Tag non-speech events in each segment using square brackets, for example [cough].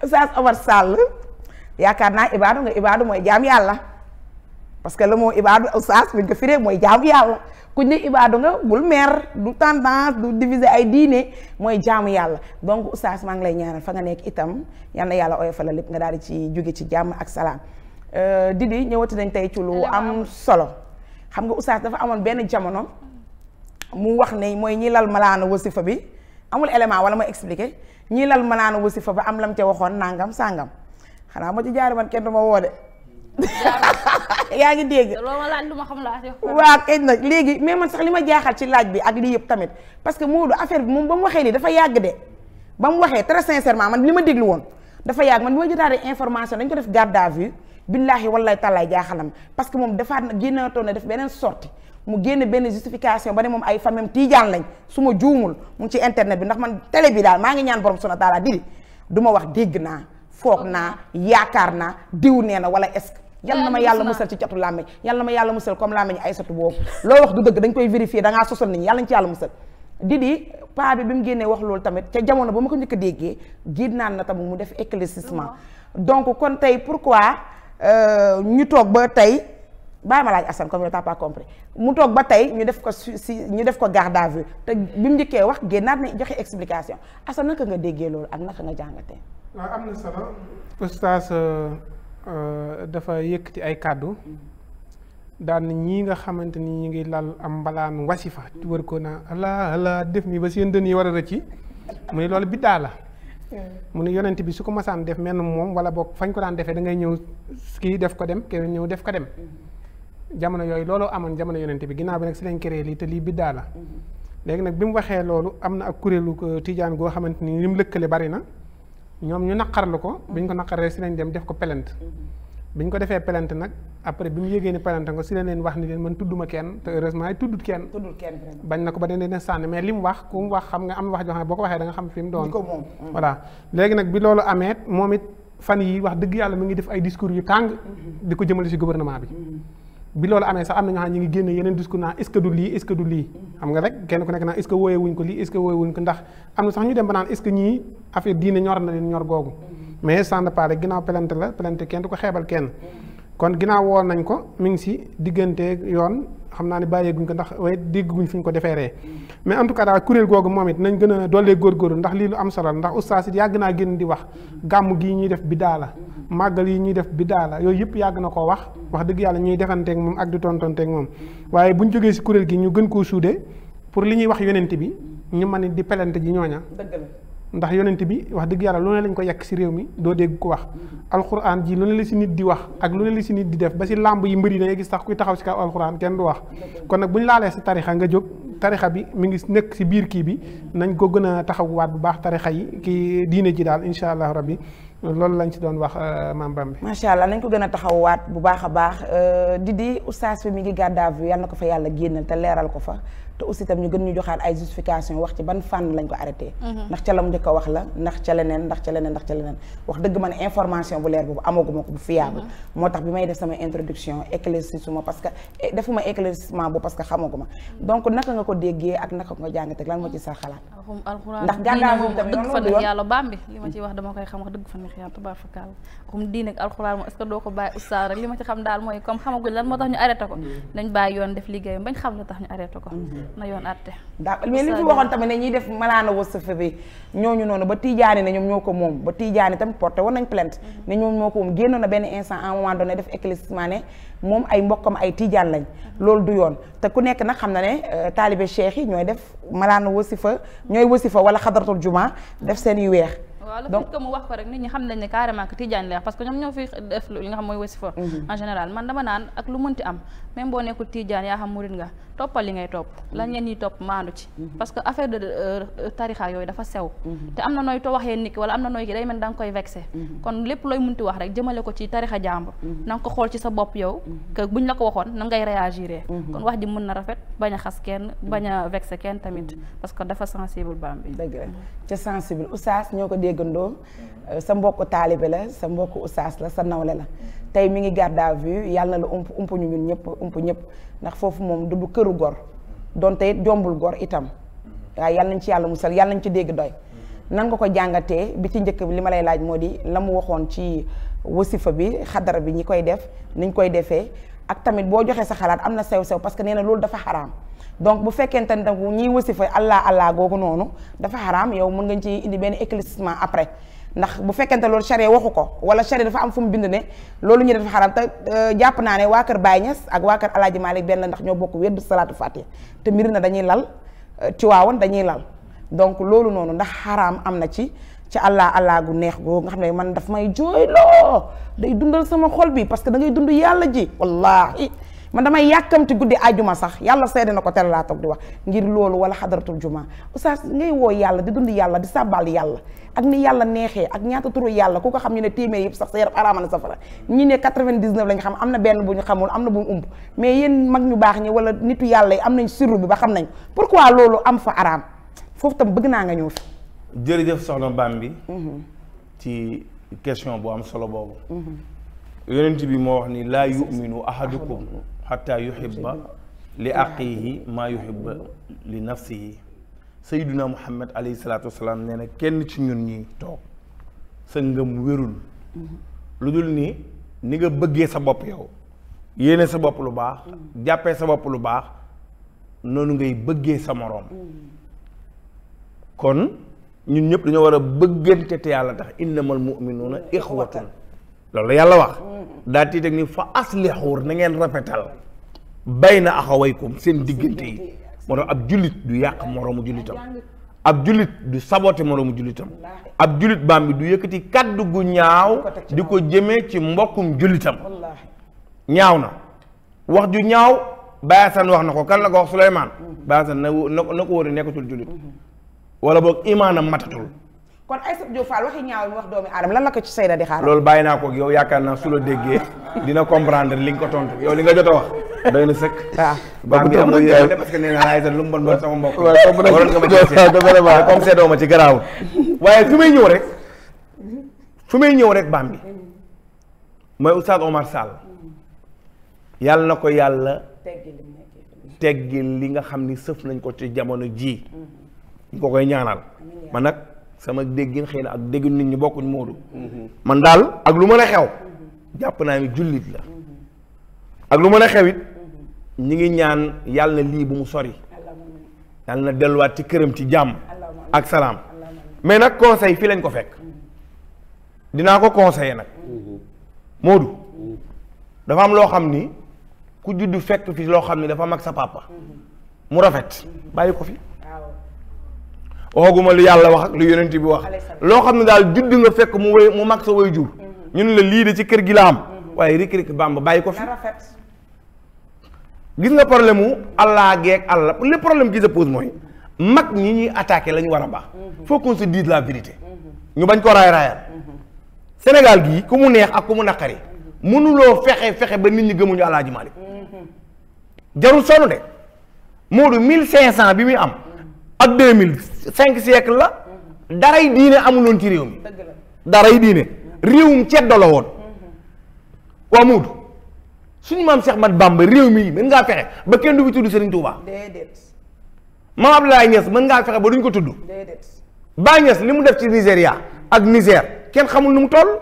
Oustaz Omar Sall yaakaar naa ibaadu nga ibaadu mooy jaam yàlla parce que le mot ibaadu Oustaz buñ ko firee mooy jaam yàlla ne ibaadu nga bul mer du tendance du ay diine mooy jaamu yàlla donc Oustaz maa ngi lay ñaanal fa nga nekk itam yal na yàlla oyofal lépp nga daal di ci jóge ci jàmm ak salaam euh, Didi ñëwati nañ tey ci lu am solo xam nga Oustaz dafa amoon benn jamono mu wax ne mooy ñi lal malaana wasifa bi. amul élément wala ma expliqué ñii lal ma naan wasifa ba am la lam ca waxoon nangam sàngam xanaa ma ci jaari man kenn du ma woo de [laughs] yaa ngi dégg waaw kay nag léegi mais man sax li ma jaaxal ci laaj bi ak lii yëpp tamit parce que Modou affaire bi moom ba mu waxee lii dafa yàgg de ba mu waxee très sincèrement man li ma déglu woon dafa yàgg man bi ma jotaatee information dañ ko def garde à vue billaahi wallahi taalaay jaaxalam parce que moom dafaat génnatoon na def beneen sortie mu génne benn justification ba ne moom ay famem tiijaan lañ su ma juumul mu ngi ci internet bi ndax man télé bi daal maa ngi ñaan borom sona taala di du ma wax dégg naa foog naa yaakaar naa diw nee na wala est-ce que yal na ma yàlla musal ci catu làmmeñ yal na ma yàlla musal comme làmmeñ ay satu boobu loo wax du dëgg dañ koy vérifier dangaa sosal nit ñi yàlla ñu ci yàlla musal Didi paa bi bi mu génnee wax loolu tamit ca jamono ba ma ko njëkk a déggee giid naan na tamit mu def éclaircissement donc kon tey pourquoi euh, ñu toog ba tey bàyyi ma laaj Assane comme yow t'as pas mu toog ba tey ñu def ko si ñu def ko garde à vue te bi mu njëkkee wax génnaat ni joxe explication Assane naka nga déggee loolu ak naka nga jàngatee. waaw am na solo. oustaz euh, euh, dafa yëkkati ay kàddu daan ñii nga xamante ni ñu ngi lal am mbalaan wasifa wër ko naa ala ala def mi ba seen dën yi war a rëcc mu ne loolu biddaa la. mu ne yonent bi su ko masaan def menn moom wala boog fañ ko daan defee da ngay ñëw kii def ko dem keneen ñëw def ko dem. jamono yooyu looloo amoon jamono yonent bi ginnaaw bi nag si lañ créé lii te lii biddaa la léegi nag bi mu waxee loolu am na ak kuréelu tiijaan goo xamante ni ni mu lëkkale bari na ñoom ñu naqarlu ko bi ñu ko naqaree si lañ dem def ko pelante bi ñu ko defee pelante nag après bi mu yégée ni pelante ko si lañ leen wax ni leen man tudduma kenn te heureusement ay tuddut kenn bañ na ko ba dañ leen sànni mais li mu wax ku mu wax xam nga am wax joo xam ne boo ko waxee da nga xam fi léegi nag bi loolu amee moom fan yi wax dëgg yàlla mi ngi def ay discours yu tàng mm-hmm. di ko jëmale si gouvernement bi mm-hmm. bi loolu amee sax am na ñoo xam ne ñu ngi génne yeneen discours naan est-ce du lii est du lii mm-hmm. xam nga rek kenn ku nekk naan est-ce que wooyee wuñ ko lii est-ce wuñ ko ndax am na sax ñu dem ba naan est-ce que ñii affaire diine ñor na leen ñor googu mm-hmm. mais sans ginnaaw plainte la plainte kenn du ko xeebal kenn mm-hmm. kon ginnaaw woon nañ ko mi ngi si diggante yoon xam naa ne bàyyee guñ ko ndax waaye dégg guñ fi ñu ko defeeree mais en tout cas daal kuréel googu moom it nañ gën a dollee góorgóorlu ndax lii lu am solo ndax oustaz it yàgg naa génn di wax gàmm gii ñuy def bi daala màggal yi ñuy def bidaa la yooyu yëpp yàgg na koo wax wax dëgg ñuy defanteeg moom ak di tontonteeg moom waaye buñ jógee si kuréel gi ñu gën koo suude pour li ñuy wax yonent bi ñu mën di pelante ji ñooña ndax yonent bi wax dëgg yàlla lu ne lañ ko yekk si réew mi doo dégg ko wax alxuraan ji lu ne la si nit di wax ak lu ne la si nit di def ba si làmb yi mbëri da ngay gis sax kuy taxaw si kaw alxuraan kenn du wax kon nag bu ñu laalee sa tarixa nga jóg tarixa bi mi ngi nëkk si biir kii bi nañ ko gën a waat bu baax tarixa yi kii diine ji daal incha allah rabbi loolu lañ si doon wax euh, maam bi macha allah nañ ko gën a taxawwaat bu baax a baax euh, di di oustaz mi ngi garde à na ko fa yàlla génnal te leeral ko fa te aussi tam ñu gën ñu joxaat ay justification wax ci ban fànn lañ ko arrêté mhm. ndax ca la mu njëkk a wax la ndax ca leneen ndax ca leneen wax dëgg man information bu leer boobu amaguma ko bu fiable mhm. moo tax bi may def sama introduction éclaircissement parce que eh, defuma éclaircissement bu parce que xamaguma mhm. donc naka nga ko déggee ak naka nga jàngatee lan moo ci sa xalaat ndax gàndaa moom tamit dëgg fa nekk yàlla baam bi li ma ciy wax dama koy xam wax mooy comme xamaguñ lan moo tax ñu arrêté ko mm. nañ bàyyi yoon def ko mm-hmm. na yoon àtte daa mais li fi waxoon tamit ne ñuy def malaana wasafa bi ñooñu noonu ba tiijaani ne ñoom ñoo ko moom ba tiijaani tamit porté woon nañ plainte mhm. ne ñoom ñoo ko moom génnoon na benn instant à un moment donné def éclaircissement ne moom ay mbokkam ay tiijaan lañ mhm. loolu du yoon te ku nekk nag xam na ne euh, taalibe cheikh yi ñooy def malaana wasifa ñooy wasifa wala xadaratul jumaa def seen yu weex waaw le fait que mu wax ko rek nit ñi xam nañ ne carrément que tijaan la parce que ñoom ñoo fi def li nga xam mooy wasifa mhm. en général man dama naan ak lu mënti am même boo nekkul tijaan yaa xam murit nga topp mhm. la ñeen ñi topp maandu ci mhm. parce que affaire de euh, euh, tarixa yooyu dafa sew te am na nooy to waxee nit ki wala am na nooy ki day mel da nga koy vexé kon lépp looy mënti wax rek jëmale ko ci tarixa jàmbur na nga ko xool ci sa bopp yow que buñ la ko waxoon na ngay réagiré kon wax ji mën na rafet bañ a xas kenn bañ a vexé kenn tamit parce que dafa sensible baam bi dëgg ca déggandoo euh, sa mbokk taalibe la sa mbokk ustaas la sa nawle la tey mi ngi garde à vue yàlla na la ump ump ñu ñun ñëpp ump ñëpp ndax foofu moom du këru gor donte it jombul gor itam waaye yàlla nañ ci yàlla musal yàlla nañ ci dégg doy nan nga ko jàngatee bi ci njëkk bi li ma lay laaj moo di la mu waxoon ci wasifa bi xadara bi ñi koy def niñ koy defee ak tamit boo joxee sa xalaat am na sew sew parce que nee na loolu dafa xaraam donc bu fekkente ne donc ñiy wasifa allah allah googu noonu dafa xaraam yow mun nga ci indi benn éclaircissement après ndax bu fekkente loolu charia waxu ko wala charia dafa am fu mu bind ne loolu ñu dafa xaraam te euh, jàpp naa ne waa kër Baye Niass ak waa kër Alaaji Malick benn la ndax ñoo bokk weddu salaatu fatiha te mbir na dañuy lal euh, Tiwaawan dañuy lal donc loolu noonu ndax xaraam am na ci ci allah allah gu neex googu nga xam ne man daf may jooyloo day dundal sama xol bi parce que da ngay dund yàlla ji wallahi man damay yàkkamti guddi juma sax yàlla seede na ko tere laa toog di wax ngir loolu wala xadaratul juma oustaz ngay woo yàlla di dund yàlla di sàbbal yàlla ak ni yàlla neexee ak ñaata turu yàlla ku ko xam ñu ne téeméer yëpp sax sa yaram araama na safara ñi ne 99 lañ xam am na benn bu ñu xamul am na bu mu umb mais yéen mag ñu baax ñi wala nitu yàlla yi am nañ sirru bi ba xam nañ pourquoi loolu am fa araam foofu tam bëgg naa nga ñëw fi jërëjëf soxna Bam bi mhm. ci question bu am solo boobu mhm. moo wax ni laa yuminu ahadukum xatta yuhibba li aqihi maa yuhibba li nafsihi sayyiduna muhammad alayhi salaatu wasalaam nee na kenn ci ñun ñi toog sa ngëm wérul lu dul ni ni nga bëggee sa bopp yow yéene sa bopp lu baax jàppee sa bopp lu baax noonu ngay bëggee sa moroom kon ñun ñëpp dañoo war a bëggante te yàlla tax innamal mu'minuuna ixwatun loolu yàlla wax daa tiit ak ni fa aslihuur na ngeen rafetal bayna axawaykum seen diggante yi moo tax ab jullit du yàq moroomu jullitam ab jullit du saboté moroomu jullitam ab jullit baam bi du yëkkati kaddu gu ñaaw di ko jëme ci mbokkum jullitam ñaaw na wax ju ñaaw bayasan wax na ko kan la ko wax Suleymaan bayasan na na ko wóor nekkatul jullit wala boog imaanam matatul kon Aïssatou Diop Fall waxi mi wax doomi aadama lan la ko ci Seyda di xaar loolu bàyyi naa ko yow yaakaar naa su la déggee dina comprendre li nga ko tontu yow li nga jot a wax na sëkk waaw ah. ba ngi am na parce que nee naa Aïssatou lu mu bon bon sama mbokk waroon nga ma jël comme seedoo ma ci garaaw waaye fi may ñëw rek fi may ñëw rek baam bi mooy Oustaz Omar Sall yàlla na ko yàlla teggil li nga xam ni sëf nañ ko ci jamono ji ñu ko koy ñaanal man nag sama déggin xëy na ak déggin nit ñi bokkuñ moodu mhm. man daal ak lu mën a xew jàpp naa ni jullit la mhm. ak lu mën a xew it mhm. ñi ngi ñaan yàlla na lii bu mu sori yàlla na delluwaat ci këram ci jàmm ak salaam mais nag conseil fii lañ ko fekk dinaa ko conseiller nag moodu dafa am loo xam ni ku juddu fekk fi loo xam ni dafa mag sa pàppa mu rafet bàyyi ko fi waxaguma lu yàlla wax ak lu yonent bi wax loo xam ne daal judd nga fekk mu wéy mu mag sa way jur mhm. ñun la lii de ci kër gi la am mhm. waaye rik-rik bamba bàyyi ko fi gis nga problème mu allah geeg allah le problème qui se pose mooy mag ñi ñuy attaqué la ñu war a baax mhm. faut qu'on se la vérité ñu bañ ko raay raayal Sénégal gii ku mu neex ak ku mu naqari mënuloo fexe fexe ba nit ñi gëmuñu Alaaji Maalik jarul sonn de Moodu mille cinq cent bi muy am ak deux mille cinq siècle la daray diine amuloon ci réew mi daray diine réewum ceddo la woon waa Moodu suñu maam Cheikh Mat Bamba réew mi mën ngaa fexe ba kenn du fi tudd Serigne Touba maam Abdoulaye Niass mën ngaa fexe ba duñ ko tudd Baye Niass li mu def ci Nigéria ak Niger kenn xamul nu mu toll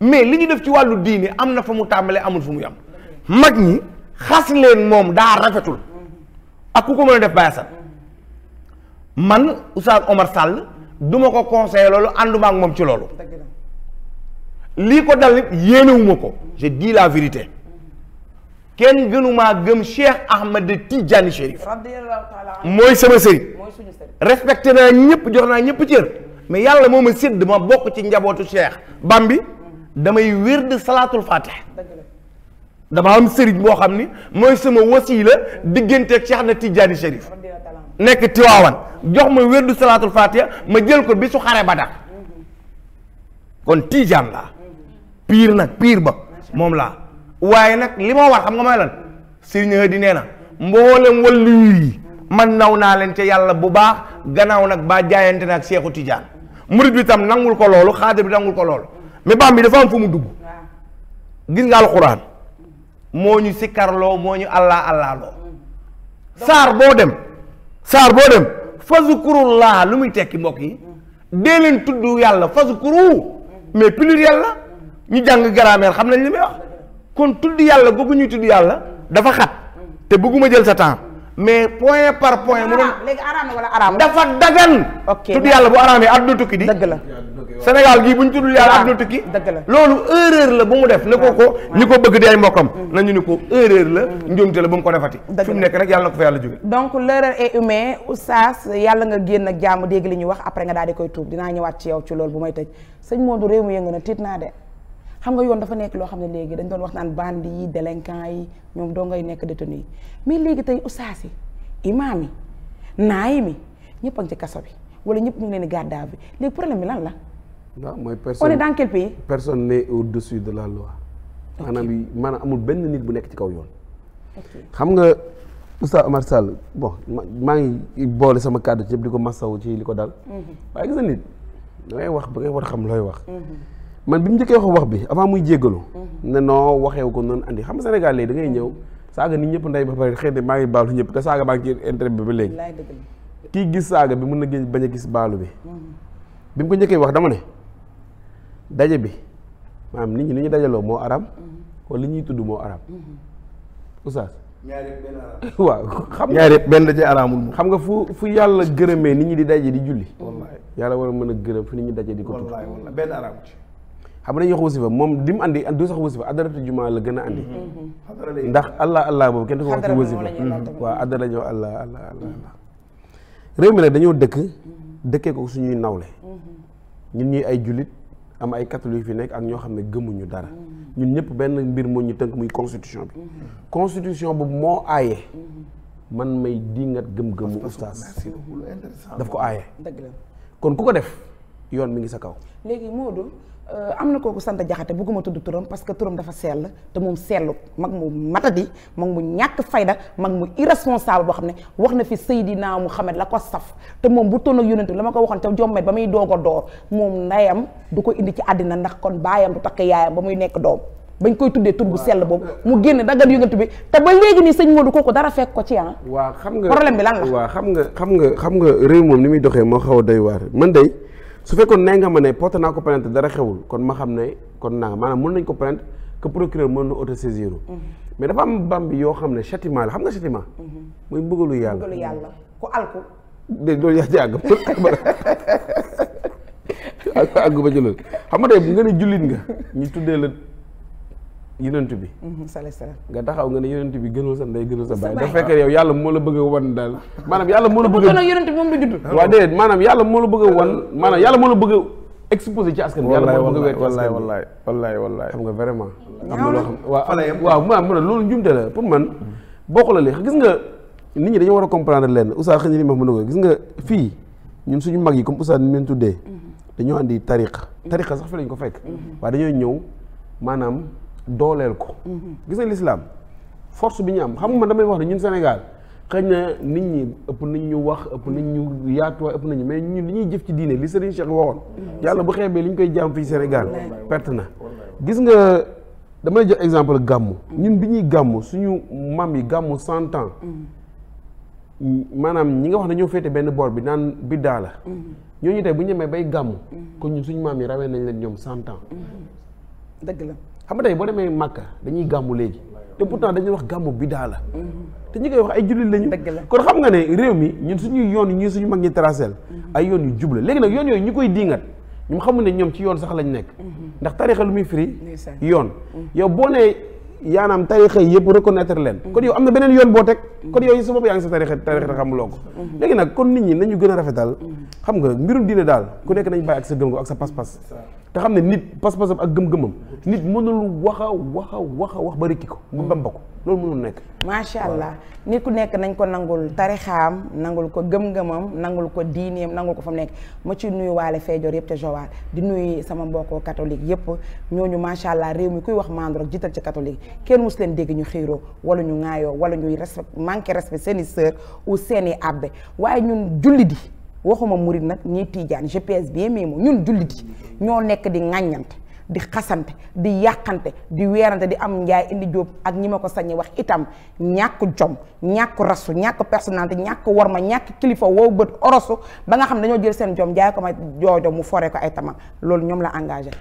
mais li ñu def ci wàllu diine am na fa mu tàmbalee amul fu mu yam mag ñi xas leen moom daa rafetul ak ku ko mën def Baye man Oustaz Omar Sall du ko conseillé loolu ànduma moom ci loolu lii ko dal yéenewuma ko je dis la vérité kenn gënumaa gëm Cheikh Ahmed Tidiane Chérif mooy sama sëriñ respecté naa ñëpp jox naa ñëpp cër mais yàlla moom ma sédd ma bokk ci njabootu Cheikh Bambi damay wérd salaatul fatih dama am sëriñ boo xam ni mooy sama wasiila diggante Cheikh na Tidiane Chérif nekk Tiwaawan jox ma wérdu salaatul fatiha ma jël ko bi su xare ba dak kon tiijaan laa piir nag piir ba moom laa waaye nag li ma war xam nga may lan sëriñ di nee na mboolem wàllu yi man naw naa leen ci yàlla bu baax gannaaw nag ba jaayante nag seexu tiijaan murid bi tam nangul ko loolu xaadir bi nangul ko loolu mais bam bi dafa am fu mu dugg gis nga alxuraan moo ñu sikkarloo moo ñu allah allah loo saar boo dem saar boo dem laa lu muy tekki mbokk yi dee leen tudd yàlla fazkuru mais pluriel la ñu jàng grammaire xam nañ li may wax kon tudd yàlla googu ñuy tudd yàlla dafa xat te bëgguma jël sa temps mais point par point mu doon léegi araam wala araam dafa dagan tudd yàlla bu araamee àdduna tukki di dëgg la Sénégal gii bu ñu tuddul yàlla àdduna la loolu erreur la bu mu def ne ko ko ñi ko bëgg di ay mbokkam mm. nañu ni ko erreur la mm. njuumte la bu mu ko defati fi mu nekk rek yàlla ko fa yàlla jóge donc l'erreur est humaine nga génn ak jàmm dégg li ñu wax après nga daal di koy tuub dinaa ñëwaat ci yow ci loolu bu may tëj sëñ Modou réew mi yëngu na tiit naa de xam nga yoon dafa nekk loo xam ne léegi dañ doon wax naan bandi yi délinquant yi ñoom doo ngay nekk détenu yi mais léegi tey oustaz yi imaam yi naay mi ñëpp a ngi ci kaso bi wala ñëpp ñu leen di garde à vue léegi problème bi la waaw mooy personne on est dans quel pays. personne n'est au-dessus de la loi. maanaam maanaam amul benn nit bu nekk ci kaw yoon. xam nga Oustaz Omar Sall bon maa ngi boole sama kàddu ci yëpp di ko masawu ci li ko dal. Mhm. waaye gis na nit da wax ba ngay xam looy wax. Mhm. man bi mu njëkkee wax wax bi avant muy jéggalu. Mhm. ne noo waxeewu ko noonu indi xam senegal Sénégal léegi da ngay ñëw saaga nit ñëpp nday ba pare xëy na maa ngi baalu ñëpp te saaga baa ngi ci internet bi ba léegi. kii gis saaga bi mën na gis bañ a gis baalu bi. bi mu ko wax dama ne. daje bi maanaam nit ñi ni ñu dajaloo moo aram mm-hmm. wala li ñuy tudd moo aram mm-hmm. oustaz araam [laughs] waaw xam nga ñaar benn da xam nga fu fu yàlla gërëmee nit ñi di daje di julli mm-hmm. yàlla war a mën a gërëm fu nit ñi daje di ko tudd wallaay wallaay benn araam xam nañu wax wasifa moom di mu andi du sax wasifa adaratu juma la gën a andi ndax allah allah boobu kenn du ko wax ci wasifa mi nag dañoo ko suñuy nawle ñun ñuy ay jullit am ay catholique fi nekk ak ñoo xam ne gëmuñu dara ñun ñëpp benn mbir moo ñu tënk muy constitution bi constitution boobu moo aaye man may nga gëm-gëmu oustaz daf ko aaye kon ku ko def yoon mi ngi sa kaw Euh, am na kooku sant jaxate bugguma tudd turam parce que turam dafa sell te moom sellu mag mu matadi mag mu ñàkk fayda mag mu irresponsable boo xam ne wax na fi Seydina Muhammad la ko saf te moom bu toon ak yonent ko waxoon te jommet ba muy doog moom ndeyam du ko indi ci àddina ndax kon baayam du takk yaayam ba muy nekk doom bañ koy tuddee tur bu sell boobu mu génn daggat yonent bi te ba léegi nii sëñ Modou kooku dara fekk ko ci ah. waaw xam nga problème bi la. waaw xam nga xam nga xam nga réew moom ni muy doxee moo xaw day doy waar man day su fekkoon nee nga ma ne porte naa ko plainte dara xewul kon ma xam ne kon naa maanaam mën nañ ko plainte que procureur mën na auto saisir mais dafa am bambi yoo xam ne châtiment la xam nga châtiment mhm. muy bëggalu yàlla bëggalu yàlla ku alku dé loolu yaa ci àgg [laughs] àgg ba ci loolu xam nga tey bu nga ne jullit nga ñu tuddee la yonent bi mhm, nga taxaw nga ne yonent bi gënul sa ndey gënul sa baay a wan daal maanaam yàlla moo la bëgg a yonent bi moom a wan maanaam yàlla moo la bëgg a ci askan bi yàlla moo la bëgg a weer loolu njumte la pour man gis nga nit ñi dañu war a comprendre lenn Oustaz xëy na li ma mën gis nga fii ñun suñu mag yi comme Oustaz ni leen tuddee mhm. dañoo andi tariqa mhm. tariqa sax fi lañ ko fekk waaye dañoo ñëw maanaam dooleel ko. gis nga lislaam force bi ñu am xam nga man damay wax ne ñun Sénégal xëy na nit ñi ëpp nañ ñu wax ëpp nañ ñu yaatuwaay ëpp nañu mais ñun li ñuy jëf ci diine li Serigne Cheikh waxoon. yàlla bu xeebee li ñu koy jaam fii Sénégal perte na. gis nga damay jël exemple gàmmu. ñun bi ñuy gàmmu suñu mam yi gàmmu cent ans. maanaam ñi nga wax ne ñoo féete benn boor bi naan biddaa la. ñooñu tey bu ñu demee bay gàmmu. kon ñun suñu maam yi rawee nañ leen ñoom cent ans. dëgg la. xam nga tey boo demee Màkka dañuy gàmmu léegi te pourtant dañuy wax gàmmu bidaa la te ñi koy wax ay jullit lañu kon xam nga ne réew mi ñun suñuy yoon yi suñu mag ñi tracel ay yoon yu jubla léegi nag yoon yooyu ñu koy diingat ñu xamul ne ñoom ci yoon sax lañ nekk ndax tarixa lu muy firi yoon mm. yow boo nee yaanaam tarixa yi yëpp reconnaître leen mm. kon yow am na beneen yoon boo teg mm. kon yow yi sa bopp yaa ngi sa tarixa tarixa te xamuloo ko léegi nag kon nit ñi nañu a rafetal xam nga mbirum diine daal ku nekk nañ bàyyi ak sa gëm ak sa te xam ne nit pas-pasam ak gëm-gëmam nit mënul wax a wax a wax wax ba rikki ko ba bamba ko loolu mënul nekk macha allah nit ku nekk nañ ko nangul tarixaam nangul ko gëm-gëmam nangul ko diineem nangul ko fa mu nekk ma ci nuyu waale feejoor yëpp te jowaal di nuyu sama mbokku catholique yëpp ñu macha allah réew mi kuy wax maandu rek jiital ci catholique kenn mus leen dégg ñu xiiroo wala ñu ŋaayoo wala ñuy respect manqué respect seeni i u seeni seen waaye ñun julli di waxuma murit nag ñii tiijaan GPS bi mais moom ñun jullit yi ñoo nekk di ŋàññante di xasante di yàqante di weerante di am njaay indi jóob ak ñi ma ko sañi wax itam ñàkk jom ñàkk rasu ñàkk personnalité ñàkk warma ñàkk kilifa woo bët orosu ba nga xam ne dañoo jël seen jom jaay ko ma joojo mu fore ko ay tama loolu ñoom la engagé